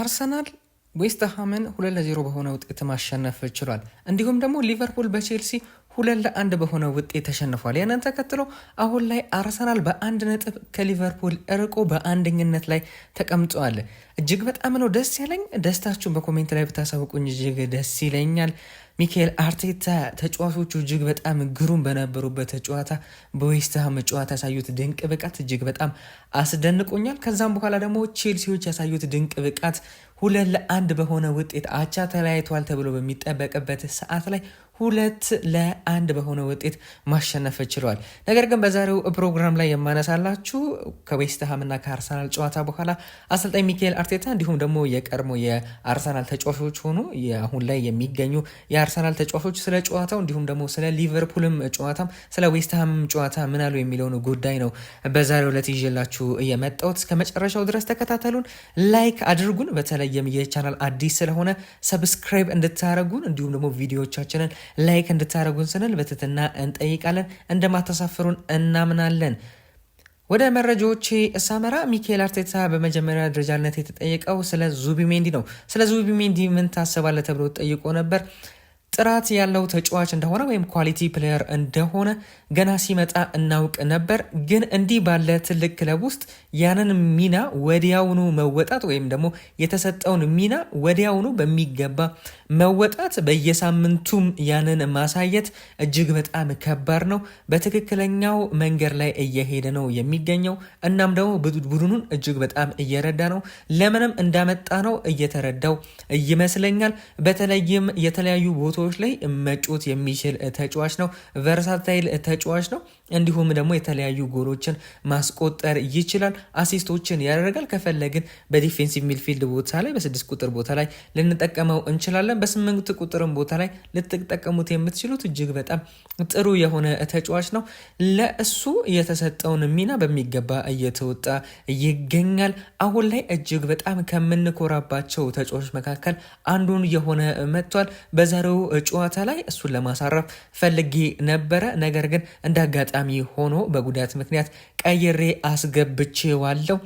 አርሰናል ዌስትሃምን ሁለት ለዜሮ በሆነ ውጤት ማሸነፍ ችሏል። እንዲሁም ደግሞ ሊቨርፑል በቼልሲ ሁለት ለአንድ በሆነ ውጤት ተሸንፏል። ያንን ተከትሎ አሁን ላይ አርሰናል በአንድ ነጥብ ከሊቨርፑል እርቆ በአንደኝነት ላይ ተቀምጠዋል። እጅግ በጣም ነው ደስ ያለኝ። ደስታችሁን በኮሜንት ላይ ብታሳውቁኝ እጅግ ደስ ይለኛል። ሚካኤል አርቴታ ተጫዋቾቹ እጅግ በጣም ግሩም በነበሩበት ጨዋታ በዌስትሃም ጨዋታ ያሳዩት ድንቅ ብቃት እጅግ በጣም አስደንቆኛል። ከዛም በኋላ ደግሞ ቼልሲዎች ያሳዩት ድንቅ ብቃት ሁለት ለአንድ በሆነ ውጤት አቻ ተለያይተዋል ተብሎ በሚጠበቅበት ሰዓት ላይ ሁለት ለአንድ በሆነ ውጤት ማሸነፍ ችሏል። ነገር ግን በዛሬው ፕሮግራም ላይ የማነሳላችሁ ከዌስትሃምና ከአርሰናል ጨዋታ በኋላ አሰልጣኝ ሚካኤል አርቴታ እንዲሁም ደግሞ የቀድሞ የአርሰናል ተጫዋቾች ሆኑ አሁን ላይ የሚገኙ የአርሰናል ተጫዋቾች ስለ ጨዋታው እንዲሁም ደግሞ ስለ ሊቨርፑልም ጨዋታም ስለ ዌስትሃም ጨዋታ ምናሉ የሚለውን ጉዳይ ነው በዛሬው ዕለት ይዤላችሁ የመጣሁት። እስከ መጨረሻው ድረስ ተከታተሉን፣ ላይክ አድርጉን። በተለይም የቻናል አዲስ ስለሆነ ሰብስክራይብ እንድታደረጉን እንዲሁም ደግሞ ቪዲዮቻችንን ላይክ እንድታደረጉን ስንል በትትና እንጠይቃለን። እንደማታሳፍሩን እናምናለን። ወደ መረጃዎቼ እሳመራ ሚካኤል አርቴታ በመጀመሪያ ደረጃነት የተጠየቀው ስለ ዙቢሜንዲ ነው። ስለ ዙቢሜንዲ ምን ታስባለህ ተብሎ ጠይቆ ነበር። ጥራት ያለው ተጫዋች እንደሆነ ወይም ኳሊቲ ፕሌየር እንደሆነ ገና ሲመጣ እናውቅ ነበር። ግን እንዲህ ባለ ትልቅ ክለብ ውስጥ ያንን ሚና ወዲያውኑ መወጣት ወይም ደግሞ የተሰጠውን ሚና ወዲያውኑ በሚገባ መወጣት፣ በየሳምንቱም ያንን ማሳየት እጅግ በጣም ከባድ ነው። በትክክለኛው መንገድ ላይ እየሄደ ነው የሚገኘው። እናም ደግሞ ቡድኑን እጅግ በጣም እየረዳ ነው። ለምንም እንዳመጣ ነው እየተረዳው ይመስለኛል። በተለይም የተለያዩ ቦታ ቦታዎች ላይ መጮት የሚችል ተጫዋች ነው። ቨርሳታይል ተጫዋች ነው። እንዲሁም ደግሞ የተለያዩ ጎሎችን ማስቆጠር ይችላል። አሲስቶችን ያደርጋል። ከፈለግን በዲፌንሲቭ ሚልፊልድ ቦታ ላይ በስድስት ቁጥር ቦታ ላይ ልንጠቀመው እንችላለን። በስምንት ቁጥርን ቦታ ላይ ልትጠቀሙት የምትችሉት እጅግ በጣም ጥሩ የሆነ ተጫዋች ነው። ለእሱ የተሰጠውን ሚና በሚገባ እየተወጣ ይገኛል። አሁን ላይ እጅግ በጣም ከምንኮራባቸው ተጫዋቾች መካከል አንዱን የሆነ መጥቷል። በዛሬው ጨዋታ ላይ እሱን ለማሳረፍ ፈልጌ ነበረ፣ ነገር ግን እንዳጋጣሚ አጋጣሚ ሆኖ በጉዳት ምክንያት ቀይሬ ዋለው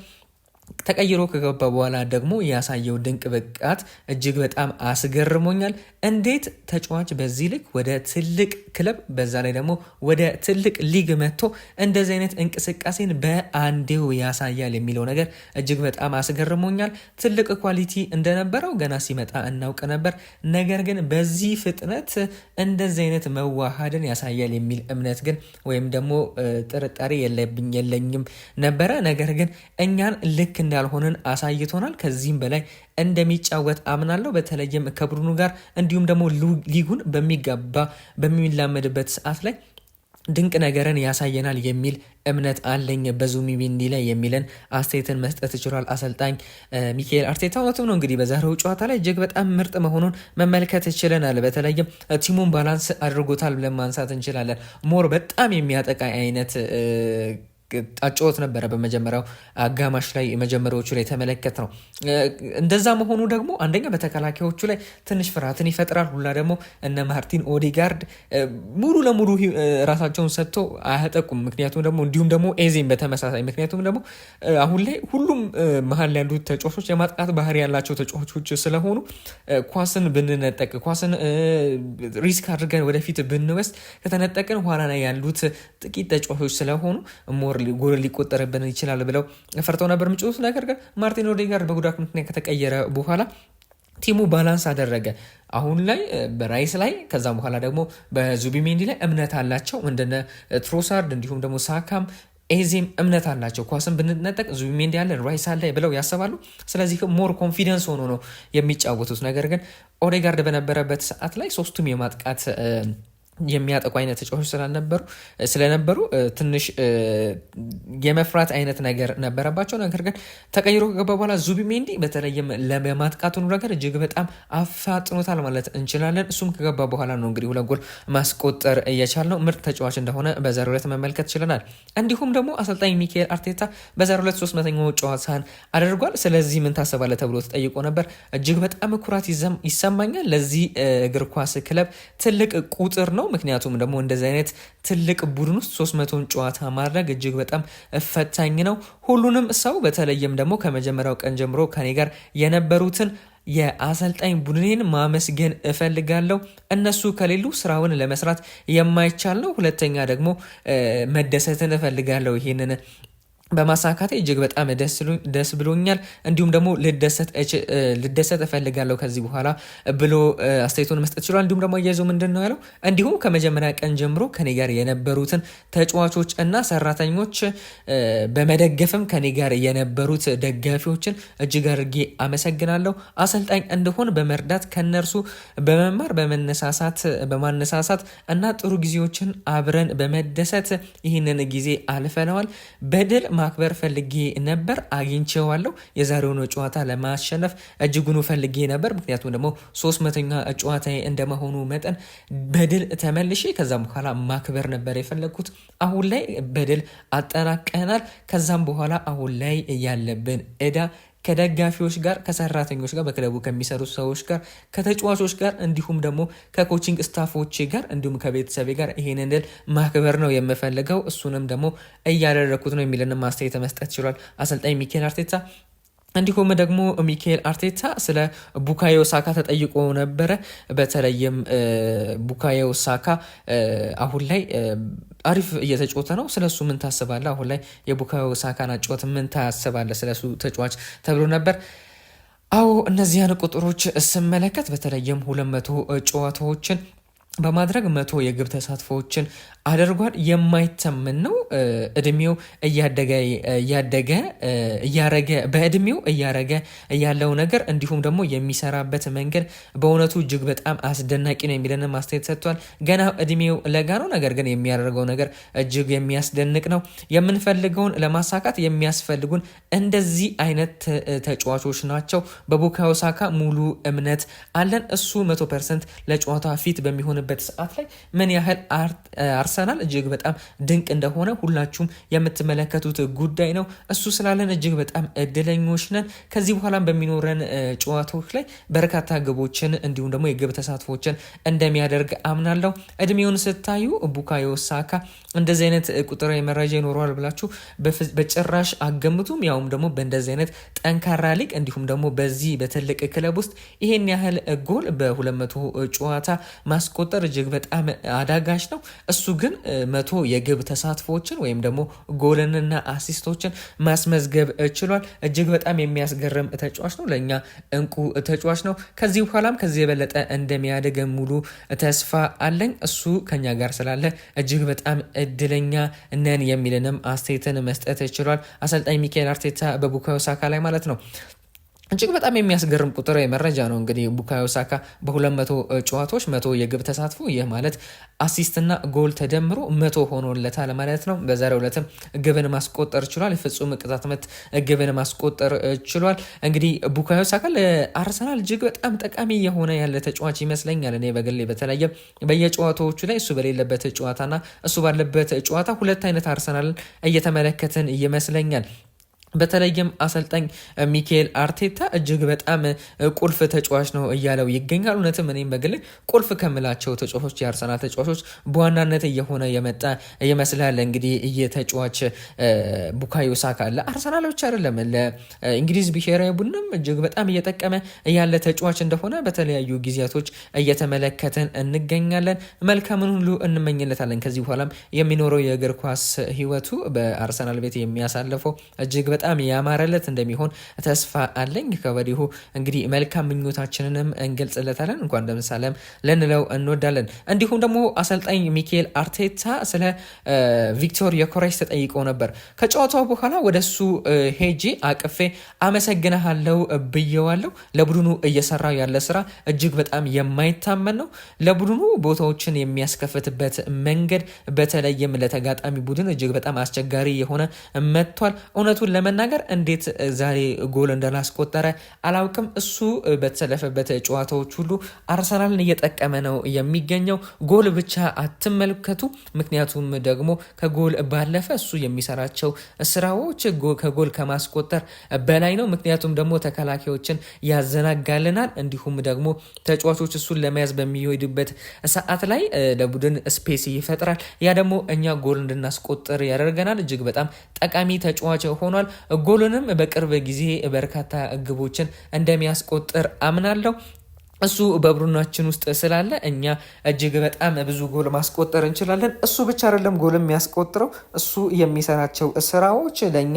ተቀይሮ ከገባ በኋላ ደግሞ ያሳየው ድንቅ ብቃት እጅግ በጣም አስገርሞኛል። እንዴት ተጫዋች በዚህ ልክ ወደ ትልቅ ክለብ በዛ ላይ ደግሞ ወደ ትልቅ ሊግ መጥቶ እንደዚህ አይነት እንቅስቃሴን በአንዴው ያሳያል የሚለው ነገር እጅግ በጣም አስገርሞኛል። ትልቅ ኳሊቲ እንደነበረው ገና ሲመጣ እናውቅ ነበር። ነገር ግን በዚህ ፍጥነት እንደዚህ አይነት መዋሃድን ያሳያል የሚል እምነት ግን ወይም ደግሞ ጥርጣሬ የለኝም ነበረ። ነገር ግን እኛን ልክ እንዳልሆንን አሳይቶናል። ከዚህም በላይ እንደሚጫወት አምናለሁ። በተለይም ከብሩኑ ጋር እንዲሁም ደግሞ ሊጉን በሚጋባ በሚላመድበት ሰዓት ላይ ድንቅ ነገርን ያሳየናል የሚል እምነት አለኝ በዙሚ ቢንዲ ላይ የሚለን አስተያየትን መስጠት ይችሏል አሰልጣኝ ሚካኤል አርቴታ። እውነቱም ነው እንግዲህ በዛሬው ጨዋታ ላይ እጅግ በጣም ምርጥ መሆኑን መመልከት ችለናል በተለይም ቲሙን ባላንስ አድርጎታል ብለን ማንሳት እንችላለን። ሞር በጣም የሚያጠቃ አይነት ጫጭወት ነበረ በመጀመሪያው አጋማሽ ላይ መጀመሪያዎቹ ላይ የተመለከት ነው። እንደዛ መሆኑ ደግሞ አንደኛ በተከላካዮቹ ላይ ትንሽ ፍርሃትን ይፈጥራል። ሁላ ደግሞ እነ ማርቲን ኦዴጋርድ ሙሉ ለሙሉ ራሳቸውን ሰጥቶ አያጠቁም። ምክንያቱም ደግሞ እንዲሁም ደግሞ ኤዜን በተመሳሳይ ምክንያቱም ደግሞ አሁን ላይ ሁሉም መሀል ያሉ ተጫዋቾች የማጥቃት ባህሪ ያላቸው ተጫዋቾች ስለሆኑ ኳስን ብንነጠቅ ኳስን ሪስክ አድርገን ወደፊት ብንወስድ ከተነጠቅን ኋላ ላይ ያሉት ጥቂት ተጫዋቾች ስለሆኑ ሞር ጎል ሊቆጠርብን ይችላል ብለው ፈርተው ነበር ምጭት። ነገር ግን ማርቲን ኦዴጋርድ በጉዳት ምክንያት ከተቀየረ በኋላ ቲሙ ባላንስ አደረገ። አሁን ላይ በራይስ ላይ ከዛም በኋላ ደግሞ በዙቢሜንዲ ላይ እምነት አላቸው። እንደነ ትሮሳርድ እንዲሁም ደግሞ ሳካም ኤዜም እምነት አላቸው። ኳስን ብንነጠቅ ዙቢሜንዲ አለ ራይስ አለ ብለው ያስባሉ። ስለዚህ ሞር ኮንፊደንስ ሆኖ ነው የሚጫወቱት። ነገር ግን ኦዴጋርድ በነበረበት ሰዓት ላይ ሶስቱም የማጥቃት የሚያጠቁ አይነት ተጫዋቾች ስላልነበሩ ስለነበሩ ትንሽ የመፍራት አይነት ነገር ነበረባቸው። ነገር ግን ተቀይሮ ከገባ በኋላ ዙቢሜንዲ በተለይም ለማጥቃቱን ነገር እጅግ በጣም አፋጥኖታል ማለት እንችላለን። እሱም ከገባ በኋላ ነው እንግዲህ ሁለት ጎል ማስቆጠር እየቻልነው ምርጥ ተጫዋች እንደሆነ በዛሬው ዕለት መመልከት ችለናል። እንዲሁም ደግሞ አሰልጣኝ ሚካኤል አርቴታ በዛሬው ዕለት ሶስት መተኛው ጨዋታን አድርጓል። ስለዚህ ምን ታሰባለ ተብሎ ተጠይቆ ነበር። እጅግ በጣም ኩራት ይሰማኛል። ለዚህ እግር ኳስ ክለብ ትልቅ ቁጥር ነው ምክንያቱም ደግሞ እንደዚህ አይነት ትልቅ ቡድን ውስጥ ሶስት መቶን ጨዋታ ማድረግ እጅግ በጣም እፈታኝ ነው። ሁሉንም ሰው በተለይም ደግሞ ከመጀመሪያው ቀን ጀምሮ ከኔ ጋር የነበሩትን የአሰልጣኝ ቡድኔን ማመስገን እፈልጋለሁ። እነሱ ከሌሉ ስራውን ለመስራት የማይቻል ነው። ሁለተኛ ደግሞ መደሰትን እፈልጋለሁ ይህንን በማሳካቴ እጅግ በጣም ደስ ብሎኛል። እንዲሁም ደግሞ ልደሰት እፈልጋለሁ ከዚህ በኋላ ብሎ አስተያየቱን መስጠት ችሏል። እንዲሁም ደግሞ እያይዞ ምንድን ነው ያለው? እንዲሁም ከመጀመሪያ ቀን ጀምሮ ከኔ ጋር የነበሩትን ተጫዋቾች እና ሰራተኞች በመደገፍም ከኔ ጋር የነበሩት ደጋፊዎችን እጅግ አድርጌ አመሰግናለሁ። አሰልጣኝ እንደሆን በመርዳት ከነርሱ በመማር በመነሳሳት በማነሳሳት እና ጥሩ ጊዜዎችን አብረን በመደሰት ይህንን ጊዜ አልፈነዋል በድል ማክበር ፈልጌ ነበር፣ አግኝቼዋለሁ። የዛሬውን ጨዋታ ለማሸነፍ እጅጉኑ ፈልጌ ነበር። ምክንያቱም ደግሞ ሶስት መተኛ ጨዋታ እንደመሆኑ መጠን በድል ተመልሼ ከዛም በኋላ ማክበር ነበር የፈለግኩት። አሁን ላይ በድል አጠናቀናል። ከዛም በኋላ አሁን ላይ ያለብን እዳ ከደጋፊዎች ጋር፣ ከሰራተኞች ጋር፣ በክለቡ ከሚሰሩ ሰዎች ጋር፣ ከተጫዋቾች ጋር እንዲሁም ደግሞ ከኮቺንግ ስታፎቼ ጋር እንዲሁም ከቤተሰቤ ጋር ይሄንን ድል ማክበር ነው የምፈልገው። እሱንም ደግሞ እያደረግኩት ነው የሚልን ማስተያየት መስጠት ችሏል አሰልጣኝ ሚኬል አርቴታ። እንዲሁም ደግሞ ሚካኤል አርቴታ ስለ ቡካዮ ሳካ ተጠይቆ ነበረ። በተለይም ቡካዮ ሳካ አሁን ላይ አሪፍ እየተጫወተ ነው። ስለሱ ምን ታስባለህ? አሁን ላይ የቡካዮ ሳካን አጨዋወት ምን ታስባለህ? ስለሱ ተጫዋች ተብሎ ነበር። አዎ እነዚያን ቁጥሮች ስመለከት በተለይም ሁለት መቶ ጨዋታዎችን በማድረግ መቶ የግብ ተሳትፎዎችን አደርጓል የማይተመን ነው። እድሜው እያደገ እያደገ እያረገ በእድሜው እያረገ ያለው ነገር እንዲሁም ደግሞ የሚሰራበት መንገድ በእውነቱ እጅግ በጣም አስደናቂ ነው የሚለን ማስተያየት ሰጥቷል። ገና እድሜው ለጋ ነው፣ ነገር ግን የሚያደርገው ነገር እጅግ የሚያስደንቅ ነው። የምንፈልገውን ለማሳካት የሚያስፈልጉን እንደዚህ አይነት ተጫዋቾች ናቸው። በቡካዮ ሳካ ሙሉ እምነት አለን። እሱ መቶ ፐርሰንት ለጨዋታ ፊት በሚሆንበት ሰዓት ላይ ምን ያህል አርሰናል እጅግ በጣም ድንቅ እንደሆነ ሁላችሁም የምትመለከቱት ጉዳይ ነው። እሱ ስላለን እጅግ በጣም እድለኞች ነን። ከዚህ በኋላም በሚኖረን ጨዋታዎች ላይ በርካታ ግቦችን እንዲሁም ደግሞ የግብ ተሳትፎችን እንደሚያደርግ አምናለሁ። እድሜውን ስታዩ ቡካዮ ሳካ እንደዚህ አይነት ቁጥራዊ መረጃ ይኖረዋል ብላችሁ በጭራሽ አገምቱም። ያውም ደግሞ በእንደዚህ አይነት ጠንካራ ሊግ እንዲሁም ደግሞ በዚህ በትልቅ ክለብ ውስጥ ይሄን ያህል ጎል በ200 ጨዋታ ማስቆጠር እጅግ በጣም አዳጋች ነው እሱ ግን መቶ የግብ ተሳትፎችን ወይም ደግሞ ጎልንና አሲስቶችን ማስመዝገብ ችሏል። እጅግ በጣም የሚያስገርም ተጫዋች ነው። ለእኛ እንቁ ተጫዋች ነው። ከዚህ በኋላም ከዚህ የበለጠ እንደሚያደገ ሙሉ ተስፋ አለኝ። እሱ ከኛ ጋር ስላለ እጅግ በጣም እድለኛ ነን የሚልንም አስተያየትን መስጠት ችሏል አሰልጣኝ ሚካኤል አርቴታ በቡካዮ ሳካ ላይ ማለት ነው። እጅግ በጣም የሚያስገርም ቁጥር መረጃ ነው። እንግዲህ ቡካዮ ሳካ በ200 ጨዋታዎች መቶ የግብ ተሳትፎ ይህ ማለት አሲስትና ጎል ተደምሮ መቶ ሆኖለታል ማለት ነው። በዛሬው ዕለትም ግብን ማስቆጠር ችሏል። ፍጹም ቅጣት ምት ግብን ማስቆጠር ችሏል። እንግዲህ ቡካዮ ሳካ ለአርሰናል እጅግ በጣም ጠቃሚ የሆነ ያለ ተጫዋች ይመስለኛል። እኔ በግሌ በተለየ በየጨዋታዎቹ ላይ እሱ በሌለበት ጨዋታና እሱ ባለበት ጨዋታ ሁለት አይነት አርሰናልን እየተመለከትን ይመስለኛል። በተለይም አሰልጣኝ ሚካኤል አርቴታ እጅግ በጣም ቁልፍ ተጫዋች ነው እያለው ይገኛል። እውነትም እኔም በግል ቁልፍ ከምላቸው ተጫዋቾች የአርሰናል ተጫዋቾች በዋናነት እየሆነ የመጣ ይመስላል። እንግዲህ እየተጫዋች ቡካዮ ሳካ ለአርሰናል ብቻ አይደለም ለእንግሊዝ ብሔራዊ ቡድንም እጅግ በጣም እየጠቀመ ያለ ተጫዋች እንደሆነ በተለያዩ ጊዜያቶች እየተመለከትን እንገኛለን። መልካምን ሁሉ እንመኝለታለን። ከዚህ በኋላም የሚኖረው የእግር ኳስ ህይወቱ በአርሰናል ቤት የሚያሳልፈው እጅግ በጣም ያማረለት እንደሚሆን ተስፋ አለኝ። ከወዲሁ እንግዲህ መልካም ምኞታችንንም እንገልጽለታለን። እንኳን ደምሳለም ልንለው እንወዳለን። እንዲሁም ደግሞ አሰልጣኝ ሚኬል አርቴታ ስለ ቪክቶር ዮከሬስ ተጠይቆ ነበር። ከጨዋታው በኋላ ወደሱ ሄጂ አቅፌ አመሰግናሃለው ብየዋለው። ለቡድኑ እየሰራ ያለ ስራ እጅግ በጣም የማይታመን ነው። ለቡድኑ ቦታዎችን የሚያስከፍትበት መንገድ በተለይም ለተጋጣሚ ቡድን እጅግ በጣም አስቸጋሪ የሆነ መጥቷል። እውነቱን ለመ ለመናገር እንዴት ዛሬ ጎል እንዳላስቆጠረ አላውቅም። እሱ በተሰለፈበት ጨዋታዎች ሁሉ አርሰናልን እየጠቀመ ነው የሚገኘው። ጎል ብቻ አትመልከቱ፣ ምክንያቱም ደግሞ ከጎል ባለፈ እሱ የሚሰራቸው ስራዎች ከጎል ከማስቆጠር በላይ ነው። ምክንያቱም ደግሞ ተከላካዮችን ያዘናጋልናል፣ እንዲሁም ደግሞ ተጫዋቾች እሱን ለመያዝ በሚሄዱበት ሰዓት ላይ ለቡድን ስፔስ ይፈጥራል። ያ ደግሞ እኛ ጎል እንድናስቆጥር ያደርገናል። እጅግ በጣም ጠቃሚ ተጫዋች ሆኗል። ጎሉንም በቅርብ ጊዜ በርካታ ግቦችን እንደሚያስቆጥር አምናለሁ። እሱ በቡድናችን ውስጥ ስላለ እኛ እጅግ በጣም ብዙ ጎል ማስቆጠር እንችላለን። እሱ ብቻ አይደለም ጎል የሚያስቆጥረው፣ እሱ የሚሰራቸው ስራዎች ለእኛ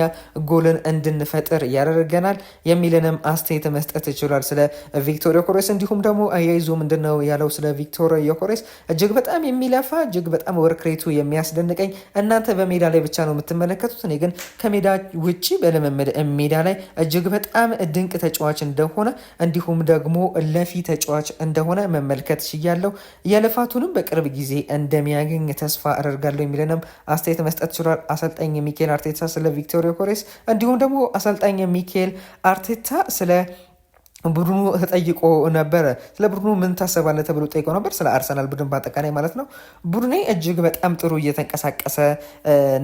ጎልን እንድንፈጥር ያደርገናል የሚልንም አስተያየት መስጠት ይችላል ስለ ቪክቶር ዮኮሬስ። እንዲሁም ደግሞ አያይዞ ምንድን ነው ያለው ስለ ቪክቶር ዮኮሬስ? እጅግ በጣም የሚለፋ እጅግ በጣም ወርክሬቱ የሚያስደንቀኝ። እናንተ በሜዳ ላይ ብቻ ነው የምትመለከቱት፣ እኔ ግን ከሜዳ ውጭ በልምምድ ሜዳ ላይ እጅግ በጣም ድንቅ ተጫዋች እንደሆነ እንዲሁም ደግሞ ለፊት ተጫዋች እንደሆነ መመልከት ችያለሁ። የልፋቱንም በቅርብ ጊዜ እንደሚያገኝ ተስፋ አደርጋለሁ የሚለንም አስተያየት መስጠት ችሏል አሰልጣኝ ሚኬል አርቴታ ስለ ቪክቶሪ ኮሬስ እንዲሁም ደግሞ አሰልጣኝ ሚኬል አርቴታ ስለ ቡድኑ ተጠይቆ ነበረ ስለ ቡድኑ ምን ታሰባለ ተብሎ ጠይቆ ነበር። ስለ አርሰናል ቡድን በአጠቃላይ ማለት ነው። ቡድኔ እጅግ በጣም ጥሩ እየተንቀሳቀሰ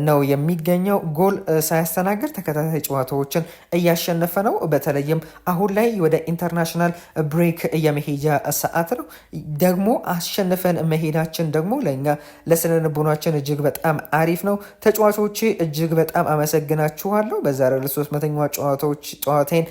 ነው የሚገኘው። ጎል ሳያስተናግድ ተከታታይ ጨዋታዎችን እያሸነፈ ነው። በተለይም አሁን ላይ ወደ ኢንተርናሽናል ብሬክ የመሄጃ ሰዓት ነው። ደግሞ አሸንፈን መሄዳችን ደግሞ ለእኛ ለስነ ልቦናችን እጅግ በጣም አሪፍ ነው። ተጫዋቾች እጅግ በጣም አመሰግናችኋለሁ። በዛሬ ለሶስት መተኛ ጨዋታዎች ጨዋታን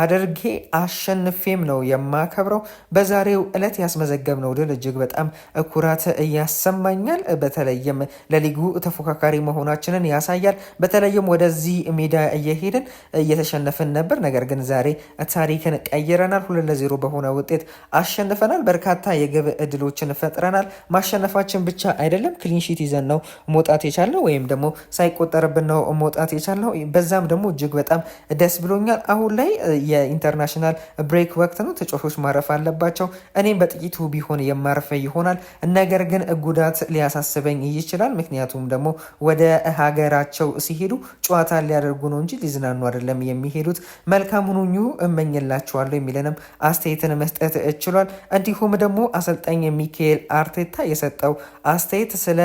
አድርጌ አሸንፌም ነው የማከብረው። በዛሬው ዕለት ያስመዘገብነው ድል እጅግ በጣም ኩራት እያሰማኛል። በተለይም ለሊጉ ተፎካካሪ መሆናችንን ያሳያል። በተለይም ወደዚህ ሜዳ እየሄድን እየተሸነፍን ነበር፣ ነገር ግን ዛሬ ታሪክን ቀይረናል። ሁለት ለዜሮ በሆነ ውጤት አሸንፈናል። በርካታ የግብ እድሎችን ፈጥረናል። ማሸነፋችን ብቻ አይደለም፣ ክሊንሺት ይዘን ነው መውጣት የቻልነው፣ ወይም ደግሞ ሳይቆጠርብን ነው መውጣት የቻልነው። በዛም ደግሞ እጅግ በጣም ደስ ብሎኛል። አሁን ላይ የኢንተርናሽናል ብሬክ ወቅት ነው። ተጫዋቾች ማረፍ አለባቸው። እኔም በጥቂቱ ቢሆን የማርፈ ይሆናል። ነገር ግን ጉዳት ሊያሳስበኝ ይችላል። ምክንያቱም ደግሞ ወደ ሀገራቸው ሲሄዱ ጨዋታ ሊያደርጉ ነው እንጂ ሊዝናኑ አይደለም የሚሄዱት። መልካም ሁኑኙ እመኝላቸዋለሁ የሚለንም አስተያየትን መስጠት እችሏል። እንዲሁም ደግሞ አሰልጣኝ ሚካኤል አርቴታ የሰጠው አስተያየት ስለ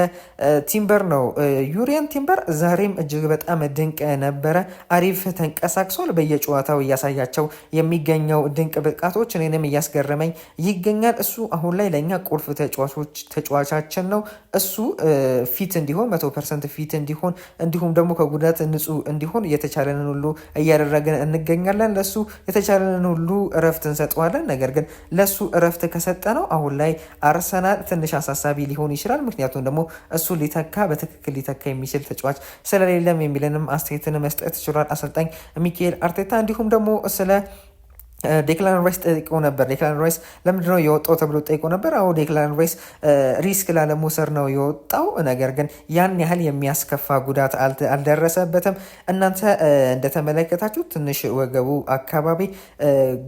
ቲምበር ነው። ዩሪየን ቲምበር ዛሬም እጅግ በጣም ድንቅ ነበረ። አሪፍ ተንቀሳቅሷል። በየጨዋታው እያሳያቸው እያሳያቸው የሚገኘው ድንቅ ብቃቶች እኔንም እያስገረመኝ ይገኛል። እሱ አሁን ላይ ለእኛ ቁልፍ ተጫዋቾች ተጫዋቻችን ነው። እሱ ፊት እንዲሆን መቶ ፐርሰንት ፊት እንዲሆን እንዲሁም ደግሞ ከጉዳት ንጹህ እንዲሆን የተቻለንን ሁሉ እያደረግን እንገኛለን። ለሱ የተቻለንን ሁሉ እረፍት እንሰጠዋለን። ነገር ግን ለሱ እረፍት ከሰጠ ነው አሁን ላይ አርሰናል ትንሽ አሳሳቢ ሊሆን ይችላል። ምክንያቱም ደግሞ እሱ ሊተካ በትክክል ሊተካ የሚችል ተጫዋች ስለሌለም የሚለንም አስተያየትን መስጠት ችሏል አሰልጣኝ ሚካኤል አርቴታ እንዲሁም ደግሞ mesele ዴክላን ራይስ ጠይቆ ነበር። ዴክላን ራይስ ለምንድን ነው የወጣው ተብሎ ጠይቆ ነበር። አሁ ዴክላን ራይስ ሪስክ ላለመውሰድ ነው የወጣው፣ ነገር ግን ያን ያህል የሚያስከፋ ጉዳት አልደረሰበትም። እናንተ እንደተመለከታችሁ ትንሽ ወገቡ አካባቢ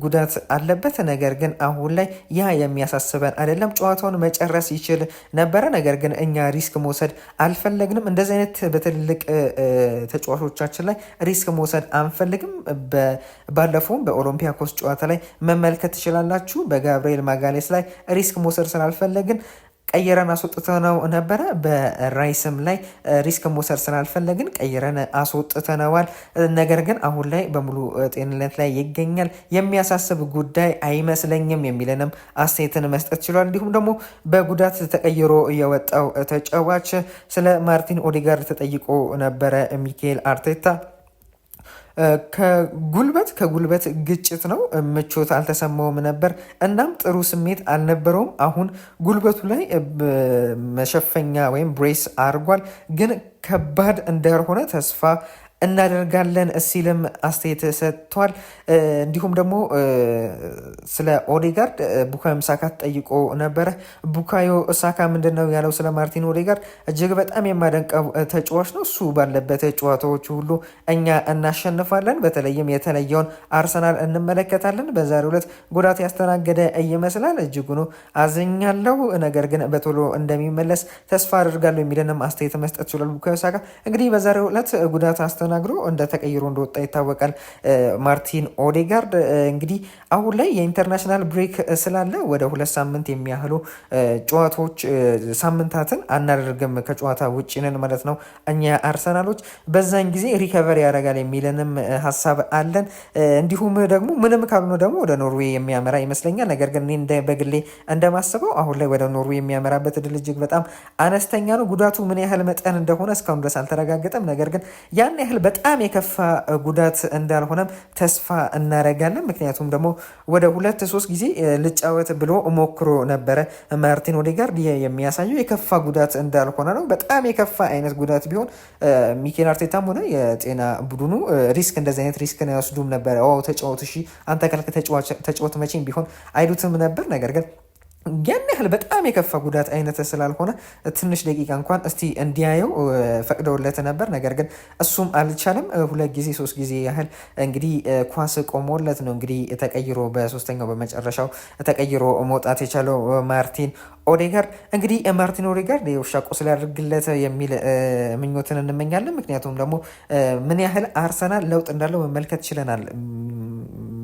ጉዳት አለበት፣ ነገር ግን አሁን ላይ ያ የሚያሳስበን አይደለም። ጨዋታውን መጨረስ ይችል ነበረ፣ ነገር ግን እኛ ሪስክ መውሰድ አልፈለግንም። እንደዚህ አይነት በትልልቅ ተጫዋቾቻችን ላይ ሪስክ መውሰድ አንፈልግም። ባለፈውም ኮስ ጨዋታ ላይ መመልከት ትችላላችሁ። በጋብርኤል ማጋሌስ ላይ ሪስክ መውሰድ ስላልፈለግን ቀይረን አስወጥተነው ነበረ። በራይስም ላይ ሪስክ መውሰድ ስላልፈለግን ቀይረን አስወጥተነዋል። ነገር ግን አሁን ላይ በሙሉ ጤንነት ላይ ይገኛል፣ የሚያሳስብ ጉዳይ አይመስለኝም የሚለንም አስተያየትን መስጠት ችሏል። እንዲሁም ደግሞ በጉዳት ተቀይሮ የወጣው ተጫዋች ስለ ማርቲን ኦዲጋር ተጠይቆ ነበረ ሚካኤል አርቴታ ከጉልበት ከጉልበት ግጭት ነው። ምቾት አልተሰማውም ነበር። እናም ጥሩ ስሜት አልነበረውም። አሁን ጉልበቱ ላይ መሸፈኛ ወይም ብሬስ አድርጓል ግን ከባድ እንዳልሆነ ተስፋ እናደርጋለን ሲልም አስተያየት ሰጥቷል። እንዲሁም ደግሞ ስለ ኦዴጋርድ ቡካዮ ሳካ ጠይቆ ነበረ። ቡካዮ ሳካ ምንድን ነው ያለው ስለ ማርቲን ኦዴጋርድ? እጅግ በጣም የማደንቀው ተጫዋች ነው። እሱ ባለበት ጨዋታዎች ሁሉ እኛ እናሸንፋለን። በተለይም የተለየውን አርሰናል እንመለከታለን። በዛሬው ዕለት ጉዳት ያስተናገደ ይመስላል። እጅጉኑ አዝኛለሁ፣ ነገር ግን በቶሎ እንደሚመለስ ተስፋ አድርጋለሁ የሚለንም አስተያየት መስጠት ችሏል። ቡካዮ ሳካ እንግዲህ በዛሬው ዕለት ጉዳት አስተ ተናግሮ እንደ ተቀይሮ እንደወጣ ይታወቃል። ማርቲን ኦዴጋርድ እንግዲህ አሁን ላይ የኢንተርናሽናል ብሬክ ስላለ ወደ ሁለት ሳምንት የሚያህሉ ጨዋታዎች ሳምንታትን አናደርግም ከጨዋታ ውጭ ነን ማለት ነው እኛ አርሰናሎች። በዛን ጊዜ ሪከቨር ያደርጋል የሚለንም ሀሳብ አለን። እንዲሁም ደግሞ ምንም ካልሆነ ደግሞ ወደ ኖርዌይ የሚያመራ ይመስለኛል። ነገር ግን እኔ በግሌ እንደማስበው አሁን ላይ ወደ ኖርዌይ የሚያመራበት እድል እጅግ በጣም አነስተኛ ነው። ጉዳቱ ምን ያህል መጠን እንደሆነ እስካሁን ድረስ አልተረጋገጠም። ነገር ግን ያን ያህል በጣም የከፋ ጉዳት እንዳልሆነም ተስፋ እናደርጋለን። ምክንያቱም ደግሞ ወደ ሁለት ሶስት ጊዜ ልጫወት ብሎ ሞክሮ ነበረ ማርቲን ኦዴጋርድ። የሚያሳየው የከፋ ጉዳት እንዳልሆነ ነው። በጣም የከፋ አይነት ጉዳት ቢሆን ሚኬል አርቴታም ሆነ የጤና ቡድኑ ሪስክ እንደዚህ አይነት ሪስክን አይወስዱም ነበረ። ተጫወት እሺ አንተ ካልክ ተጫወት መቼም ቢሆን አይሉትም ነበር ነገር ግን ያን ያህል በጣም የከፋ ጉዳት አይነት ስላልሆነ ትንሽ ደቂቃ እንኳን እስቲ እንዲያየው ፈቅደውለት ነበር። ነገር ግን እሱም አልቻለም። ሁለት ጊዜ ሶስት ጊዜ ያህል እንግዲህ ኳስ ቆሞለት ነው እንግዲህ ተቀይሮ በሶስተኛው በመጨረሻው ተቀይሮ መውጣት የቻለው ማርቲን ኦዴጋርድ እንግዲህ ማርቲን ኦዴጋርድ የውሻ ቁስል ያድርግለት የሚል ምኞትን እንመኛለን። ምክንያቱም ደግሞ ምን ያህል አርሰናል ለውጥ እንዳለው መመልከት ችለናል።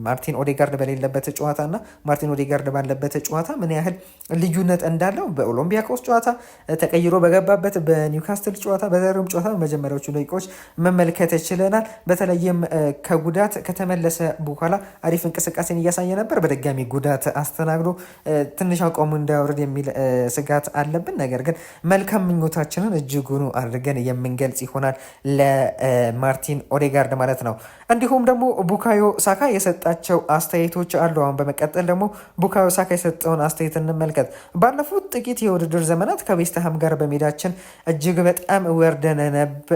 ማርቲን ኦዴጋርድ በሌለበት ጨዋታ እና ማርቲን ኦዴጋርድ ባለበት ጨዋታ ምን ያህል ልዩነት እንዳለው በኦሎምፒያኮስ ጨዋታ ተቀይሮ በገባበት በኒውካስትል ጨዋታ በዘርም ጨዋታ በመጀመሪያዎቹ ደቂቃዎች መመልከት ችለናል። በተለይም ከጉዳት ከተመለሰ በኋላ አሪፍ እንቅስቃሴን እያሳየ ነበር። በድጋሚ ጉዳት አስተናግዶ ትንሽ አቋሙ እንዳያወርድ የሚል ስጋት አለብን። ነገር ግን መልካም ምኞታችንን እጅጉኑ አድርገን የምንገልጽ ይሆናል ለማርቲን ኦዴጋርድ ማለት ነው። እንዲሁም ደግሞ ቡካዮ ሳካ የሰጣ የምንላቸው አስተያየቶች አሉ። አሁን በመቀጠል ደግሞ ቡካዮ ሳካ የሰጠውን አስተያየት እንመልከት። ባለፉት ጥቂት የውድድር ዘመናት ከቤስተሃም ጋር በሜዳችን እጅግ በጣም ወርደን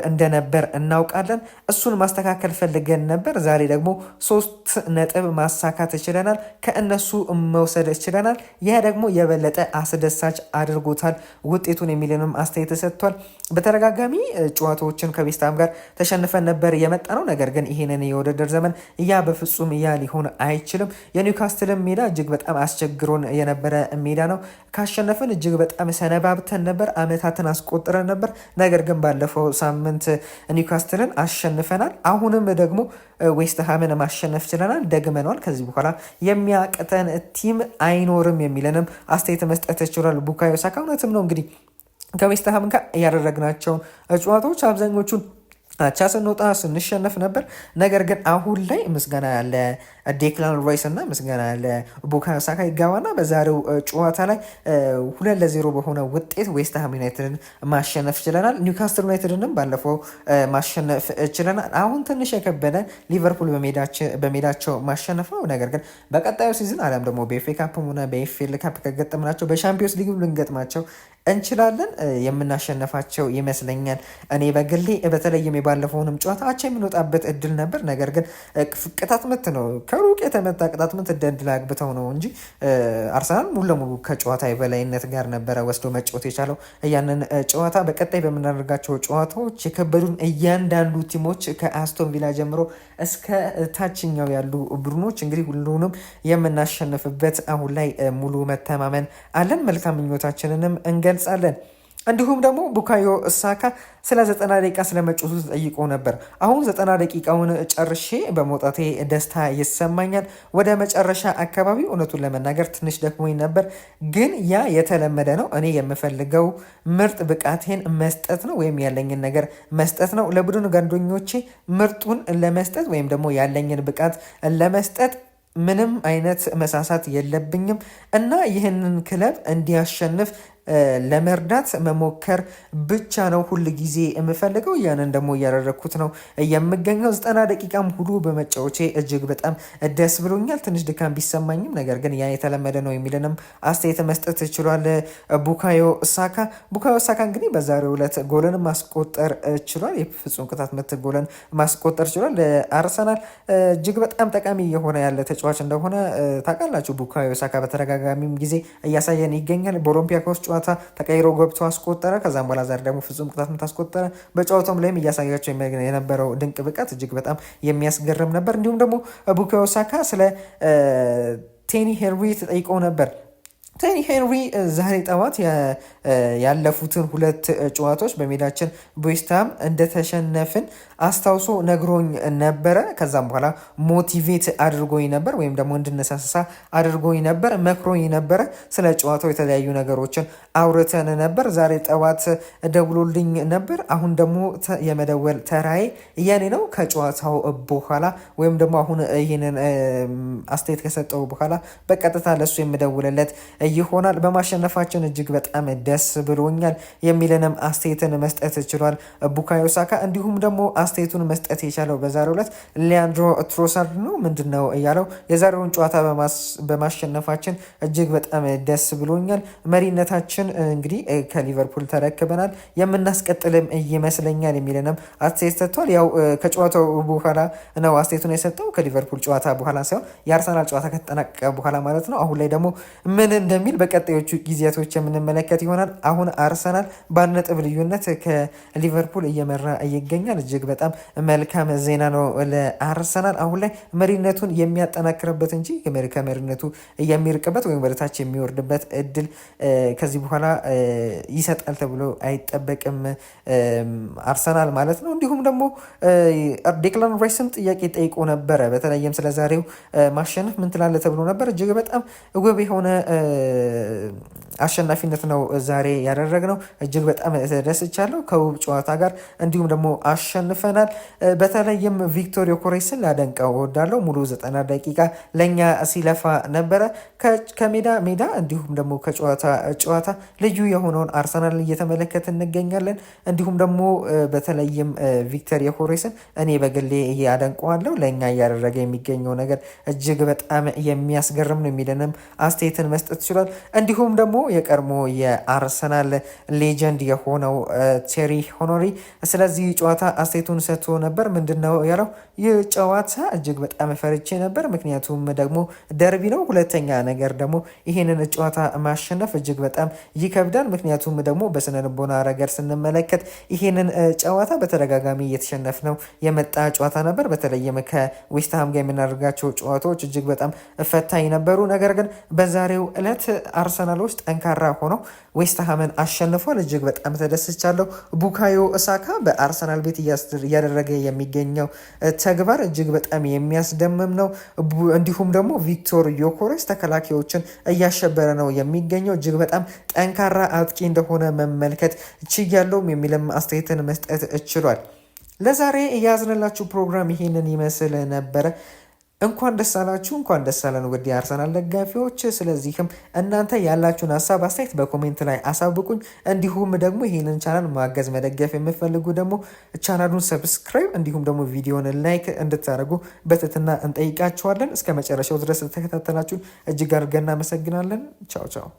እንደነበር እናውቃለን። እሱን ማስተካከል ፈልገን ነበር። ዛሬ ደግሞ ሶስት ነጥብ ማሳካት ችለናል። ከእነሱ መውሰድ ችለናል። ይህ ደግሞ የበለጠ አስደሳች አድርጎታል ውጤቱን የሚልንም አስተያየት ሰጥቷል። በተደጋጋሚ ጨዋታዎችን ከዌስትሃም ጋር ተሸንፈን ነበር የመጣ ነው። ነገር ግን ይህንን የውድድር ዘመን እያ በፍጹም ያ ሊሆን አይችልም። የኒውካስትልን ሜዳ እጅግ በጣም አስቸግሮን የነበረ ሜዳ ነው። ካሸነፍን እጅግ በጣም ሰነባብተን ነበር፣ አመታትን አስቆጥረን ነበር። ነገር ግን ባለፈው ሳምንት ኒውካስትልን አሸንፈናል። አሁንም ደግሞ ዌስትሃምን ማሸነፍ ችለናል፣ ደግመነዋል። ከዚህ በኋላ የሚያቅተን ቲም አይኖርም የሚለንም አስተያየት መስጠት ይችላል። ቡካዮ ሳካ እውነትም ነው እንግዲህ ከዌስትሃም ጋር ያደረግናቸውን ጨዋታዎች አብዛኞቹን አቻ ስንወጣ ስንሸነፍ ነበር። ነገር ግን አሁን ላይ ምስጋና ለዴክላን ራይስ እና ምስጋና ለቡካዮ ሳካ ይጋባና በዛሬው ጨዋታ ላይ ሁለት ለዜሮ በሆነ ውጤት ዌስትሃም ዩናይትድን ማሸነፍ ችለናል። ኒውካስትል ዩናይትድንም ባለፈው ማሸነፍ ችለናል። አሁን ትንሽ የከበደ ሊቨርፑል በሜዳቸው ማሸነፍ ነው። ነገር ግን በቀጣዩ ሲዝን አሊያም ደግሞ በኤፍ ኤ ካፕም ሆነ በኤፍ ኤል ካፕ ከገጠምናቸው በሻምፒዮንስ ሊግ ልንገጥማቸው እንችላለን የምናሸነፋቸው ይመስለኛል። እኔ በግሌ በተለይም የባለፈውንም ጨዋታ አቻ የምንወጣበት እድል ነበር። ነገር ግን ቅጣት ምት ነው ከሩቅ የተመታ ቅጣት ምት ደንድ አግብተው ነው እንጂ አርሰናል ሙሉ ለሙሉ ከጨዋታ የበላይነት ጋር ነበረ ወስዶ መጫወት የቻለው። ያንን ጨዋታ በቀጣይ በምናደርጋቸው ጨዋታዎች የከበዱን እያንዳንዱ ቲሞች ከአስቶን ቪላ ጀምሮ እስከ ታችኛው ያሉ ቡድኖች እንግዲህ ሁሉንም የምናሸንፍበት አሁን ላይ ሙሉ መተማመን አለን። መልካም ምኞታችንንም እንገል እንገልጻለን። እንዲሁም ደግሞ ቡካዮ ሳካ ስለ ዘጠና ደቂቃ ስለመጫወቱ ተጠይቆ ነበር። አሁን ዘጠና ደቂቃውን ጨርሼ በመውጣቴ ደስታ ይሰማኛል። ወደ መጨረሻ አካባቢ እውነቱን ለመናገር ትንሽ ደክሞኝ ነበር፣ ግን ያ የተለመደ ነው። እኔ የምፈልገው ምርጥ ብቃቴን መስጠት ነው ወይም ያለኝን ነገር መስጠት ነው። ለቡድን ጓደኞቼ ምርጡን ለመስጠት ወይም ደግሞ ያለኝን ብቃት ለመስጠት ምንም አይነት መሳሳት የለብኝም እና ይህንን ክለብ እንዲያሸንፍ ለመርዳት መሞከር ብቻ ነው ሁል ጊዜ የምፈልገው። ያንን ደግሞ እያደረግኩት ነው የምገኘው። ዘጠና ደቂቃም ሁሉ በመጫወቼ እጅግ በጣም ደስ ብሎኛል። ትንሽ ድካም ቢሰማኝም ነገር ግን ያ የተለመደ ነው የሚልንም አስተያየት መስጠት ችሏል። ቡካዮ ሳካ ቡካዮ ሳካ እንግዲህ በዛሬው ዕለት ጎልን ማስቆጠር ችሏል። የፍጹም ቅጣት ምት ጎልን ማስቆጠር ችሏል። አርሰናል እጅግ በጣም ጠቃሚ የሆነ ያለ ተጫዋች እንደሆነ ታውቃላችሁ። ቡካዮ ሳካ በተደጋጋሚም ጊዜ እያሳየን ይገኛል በኦሎምፒያኮስ ጨዋታ ተቀይሮ ገብቶ አስቆጠረ። ከዛም በኋላ ዛሬ ደግሞ ፍጹም ቅጣት ምት አስቆጠረ። በጨዋታውም ላይም እያሳያቸው የነበረው ድንቅ ብቃት እጅግ በጣም የሚያስገርም ነበር። እንዲሁም ደግሞ ቡካዮ ሳካ ስለ ቴኒ ሄንሪ ተጠይቀው ነበር ቴኒ ሄንሪ ዛሬ ጠዋት ያለፉትን ሁለት ጨዋታዎች በሜዳችን በዌስትሃም እንደተሸነፍን አስታውሶ ነግሮኝ ነበረ። ከዛም በኋላ ሞቲቬት አድርጎኝ ነበር፣ ወይም ደግሞ እንድነሳሳ አድርጎኝ ነበር፣ መክሮኝ ነበረ። ስለ ጨዋታው የተለያዩ ነገሮችን አውርተን ነበር። ዛሬ ጠዋት ደውሎልኝ ነበር። አሁን ደግሞ የመደወል ተራዬ እያኔ ነው። ከጨዋታው በኋላ ወይም ደግሞ አሁን ይህንን አስተያየት ከሰጠው በኋላ በቀጥታ ለሱ የምደውልለት ይሆናል። በማሸነፋችን እጅግ በጣም ደስ ብሎኛል የሚልንም አስተያየትን መስጠት ችሏል ቡካዮ ሳካ። እንዲሁም ደግሞ አስተያየቱን መስጠት የቻለው በዛሬው ዕለት ሊያንድሮ ትሮሳርድ ነው። ምንድን ነው እያለው የዛሬውን ጨዋታ በማሸነፋችን እጅግ በጣም ደስ ብሎኛል። መሪነታችን እንግዲህ ከሊቨርፑል ተረክበናል የምናስቀጥልም ይመስለኛል የሚልንም አስተያየት ሰጥቷል። ያው ከጨዋታው በኋላ ነው አስተያየቱን የሰጠው ከሊቨርፑል ጨዋታ በኋላ ሳይሆን የአርሰናል ጨዋታ ከተጠናቀቀ በኋላ ማለት ነው። አሁን ላይ ደግሞ ምን እንደሚል በቀጣዮቹ ጊዜያቶች የምንመለከት ይሆናል። አሁን አርሰናል በአንድ ነጥብ ልዩነት ከሊቨርፑል እየመራ ይገኛል። እጅግ በጣም መልካም ዜና ነው ለአርሰናል። አሁን ላይ መሪነቱን የሚያጠናክርበት እንጂ ከመሪነቱ የሚርቅበት ወይም ወደታች የሚወርድበት እድል ከዚህ በኋላ ይሰጣል ተብሎ አይጠበቅም አርሰናል ማለት ነው። እንዲሁም ደግሞ ዴክላን ራይስም ጥያቄ ጠይቆ ነበረ። በተለይም ስለዛሬው ማሸነፍ ምን ተብሎ ነበር። እጅግ በጣም ውብ የሆነ አሸናፊነት ነው ዛሬ ያደረግነው። እጅግ በጣም ተደስቻለሁ ከውብ ጨዋታ ጋር እንዲሁም ደግሞ አሸንፈናል። በተለይም ቪክቶር ዮኬሬስን ላደንቀው እወዳለሁ። ሙሉ ዘጠና ደቂቃ ለእኛ ሲለፋ ነበረ። ከሜዳ ሜዳ እንዲሁም ደግሞ ከጨዋታ ጨዋታ ልዩ የሆነውን አርሰናል እየተመለከት እንገኛለን። እንዲሁም ደግሞ በተለይም ቪክተር ዮኬሬስን እኔ በግሌ ያደንቀዋለሁ። ለእኛ እያደረገ የሚገኘው ነገር እጅግ በጣም የሚያስገርም ነው የሚለንም አስተያየትን መስጠት ችሏል። እንዲሁም ደግሞ የቀድሞ የአርሰናል ሌጀንድ የሆነው ቴሪ ሆኖሪ ስለዚህ ጨዋታ አስተያየቱን ሰጥቶ ነበር። ምንድን ነው ያለው? ይህ ጨዋታ እጅግ በጣም ፈርቼ ነበር፣ ምክንያቱም ደግሞ ደርቢ ነው። ሁለተኛ ነገር ደግሞ ይህንን ጨዋታ ማሸነፍ እጅግ በጣም ይከብዳል፣ ምክንያቱም ደግሞ በስነ ልቦና ረገድ ስንመለከት ይህንን ጨዋታ በተደጋጋሚ እየተሸነፍነው የመጣ ጨዋታ ነበር። በተለይም ከዌስትሃም ጋር የምናደርጋቸው ጨዋታዎች እጅግ በጣም ፈታኝ ነበሩ። ነገር ግን በዛሬው ዕለት ሁለት ውስጥ ጠንካራ ሆነው ዌስትሃምን አሸንፏል። እጅግ በጣም ተደስቻለሁ። ቡካዮ እሳካ በአርሰናል ቤት እያደረገ የሚገኘው ተግባር እጅግ በጣም የሚያስደምም ነው። እንዲሁም ደግሞ ቪክቶር ዮኮሬስ ተከላካዮችን እያሸበረ ነው የሚገኘው። እጅግ በጣም ጠንካራ አጥቂ እንደሆነ መመልከት ችያለሁም የሚልም አስተያየትን መስጠት ችሏል። ለዛሬ እያዝንላችሁ ፕሮግራም ይሄንን ይመስል ነበረ። እንኳን ደስ አላችሁ፣ እንኳን ደስ አለን ውድ የአርሰናል ደጋፊዎች። ስለዚህም እናንተ ያላችሁን ሀሳብ አስተያየት በኮሜንት ላይ አሳውቁኝ። እንዲሁም ደግሞ ይህንን ቻናል ማገዝ መደገፍ የምፈልጉ ደግሞ ቻናሉን ሰብስክራይብ እንዲሁም ደግሞ ቪዲዮን ላይክ እንድታደርጉ በትህትና እንጠይቃችኋለን። እስከ መጨረሻው ድረስ ተከታተላችሁን እጅግ አድርገን እናመሰግናለን። ቻው ቻው።